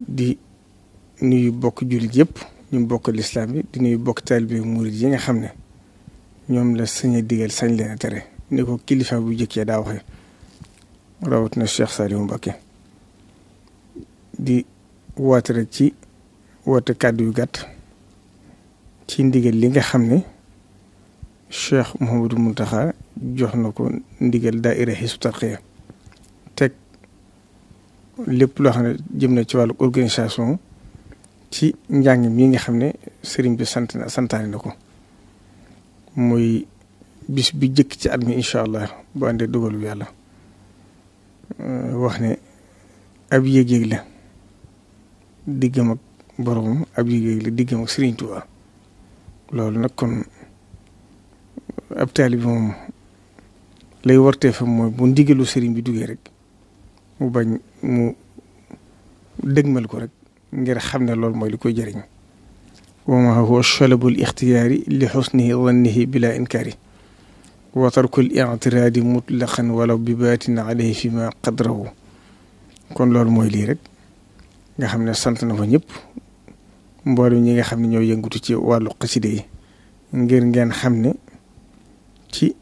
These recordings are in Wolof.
di nuyu bokk jullit yëpp ñu bokk lislaam bi di nuyu bokk taalibe murit yi nga xam ne ñoom la sañ a digal sañ leen a tere ni ko kilifa bu jëkkee daa waxee rawatina Cheikh Saliou Mbacké di woote ci woote kàddu yu gàtt ci ndigal li nga xam ne Cheikh Mouhamadou Mountakha jox na ko ndigal daaira Hizbut Tarqiyyah lépp loo xam ne jëm na ci wàllu organisation ci njàng mi nga xam ne sëriñ bi sant na santaane na ko muy bis bi jëkk ci at mi incha allah bu àndee dogalu yàlla wax ne ab yéeg-yéeg la diggam ak borom ab yéeg-yéeg la diggam ak sëriñ Tuubaa loolu nag kon ab taalibe moom lay wartee fa mooy bu ndigalu sëriñ bi duggee rek mu bañ mu dëgmal ko rek ngir xam ne loolu mooy li koy jëriñ wa ma huwa shalabul ixtiyaari li xusnihi wannihi bila inkaari wa tarkul i'tiraadi mutlaqan walaw bi baatin alayhi ma qadrahu kon loolu mooy lii rek nga xam ne sant na fa ñëpp mboolem ñi nga xam ne ñoo yëngatu ci wàllu xaside ngir ngeen xam ne ci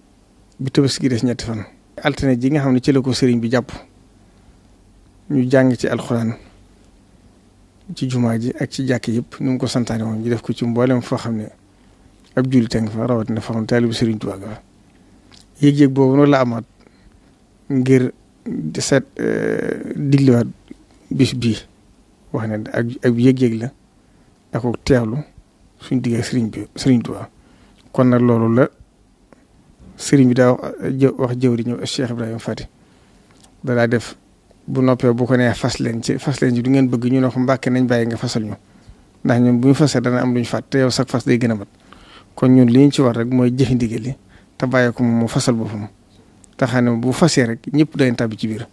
bi Tabaski gi des ñetti fan altine ji nga xam ne ci ko sëriñ bi jàpp ñu jàng ci alxuraan ci jumaa ji ak ci jàkk yëpp nu mu ko santaane woon ñu def ko ci mboolem foo xam ne ak jullit fa rawatina foo xam ne taalibu Sëriñ Tuubaa ga ngir di euh, bis bii wax ne ak ak la ak teewlu suñ digg Sëriñ bi Sëriñ Tuubaa kon nag loolu la sëriñ bi daa wax jëw di ñëw Fati da daa def. bu noppee bu ko nee fas leen ci fas leen ci du ngeen bëgg ñu ne ko mbàkke nañ bàyyi nga fasal ñu ndax ñun bu ñu fasee dana am lu ñu fàtt te yow sax fas day gën a mat kon ñun li ñu ci war rek mooy jëf ndigal li te bàyyi mu fasal boppam te bu fasee rek ñëpp dañ tàbbi ci biir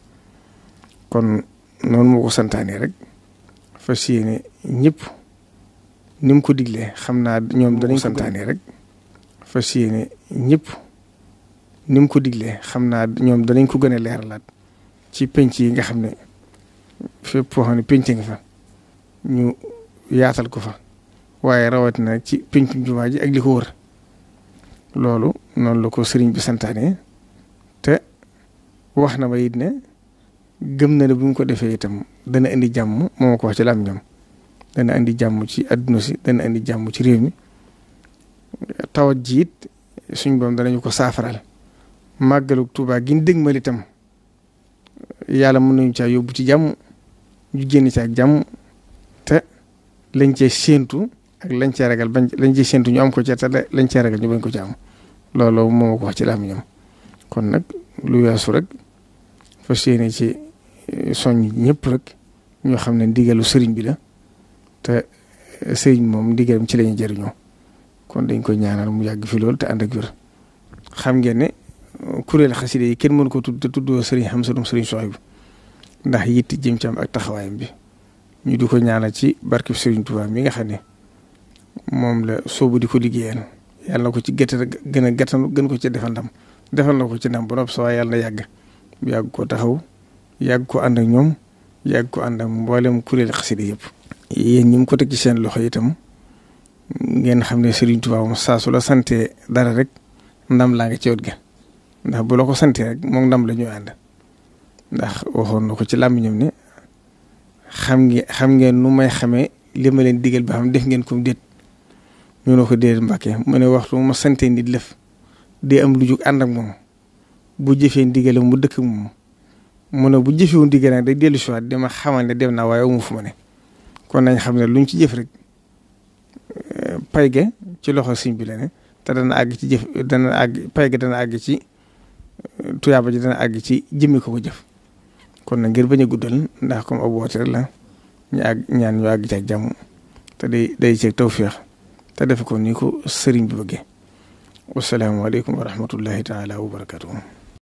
kon noonu moo ko santaanee rek fas yéene ñëpp ni mu ko diglee xam naa ñoom danañ ko santaanee rek fas yéene ñëpp ni mu ko diglee xam naa ñoom danañ ko gën a leeralaat ci penc yi nga xam ne fépp foo xam ne penc nga fa ñu yaatal ko waaye rawatina ci penc jumaa ji ak li ko wër loolu noonu la ko sëriñ bi santaane te wax na ma it ne gëm na ne bu ñu ko defee itam dana indi jàmm moo ko wax ci làmmiñam dana indi jàmm ci àdduna si dana indi jàmm ci réew mi tawat jiit it suñ boom danañu ko saafaral màggalu Tuubaa gin ñu dëgmal yàlla mën nañu caa yóbbu ci jàmm ñu génn ci ak jàmm te lañ cee séentu ak lañ cee ragal bañ lañ cee séentu ñu am ko ci te lañ cee ragal ñu bañ ko ci am loolu moo ko wax ci làmmiñam kon nag lu weesu rek fas yéene ci eh, soñ ñëpp rek ñoo xam ne ndigalu sëriñ bi la te eh, sëriñ moom ndigalam ci lañu jëriñoo kon dañ koy ñaanal mu yàgg fi loolu te ànd ak xam ngeen kuréel xasida yi kenn mënu ko tudd te tuddoo Serigne Hamza Dum Serigne Souhaïbou ndax yitti jëm ci ak taxawaayam bi ñu di ko ñaanal ci barkeb Serigne Touba mi nga xam ne moom la soobu di ko liggéeyal yàlla ko ci gëtt gën a gàttanu gën ko ci defal defal na ci ndam ba yàlla na yàgg yàgg ko taxaw yàgg ko ànd ñoom yàgg ko ànd ak mboolem kuréel xasida yëpp. yéen ñi mu ko ci seen loxo itam ngeen xam ne Serigne Touba moom saa su la sante dara rek ndam laa nga ci wet ga ndax bu la ko santee rek moom ndam la ñuy ànd ndax waxoon na ko ci làmmiñam ne xam xam ngeen nu may xame li ma leen digal bi xam def ngeen ko déet ñu ne ko déet mbàkkee mu ne waxtu ma santee nit lëf dee am lu jug ànd ak moom bu jëfee ndigale mu dëkk mu mu ne bu jëfewu ndigale da dellu si waat dama xamal ne dem na waaye amu fu ma ne kon nañ xam ne luñ ci jëf rek eh, pay ga ci loxo siñ bi la ne te dana àgg pay ga dana àgg ci tuyaaba ji dana àgg ci jëmmi ko ko jëf kon na ngir bañ a guddal ndax comme ab woote la ñu ñaan ñu àgg ci ak jàmm te day day ceeg tawféex te def ko ni ko sëriñ bi bëggee wasalaamaaleykum wa rahmatullahi taala wa barakatuhu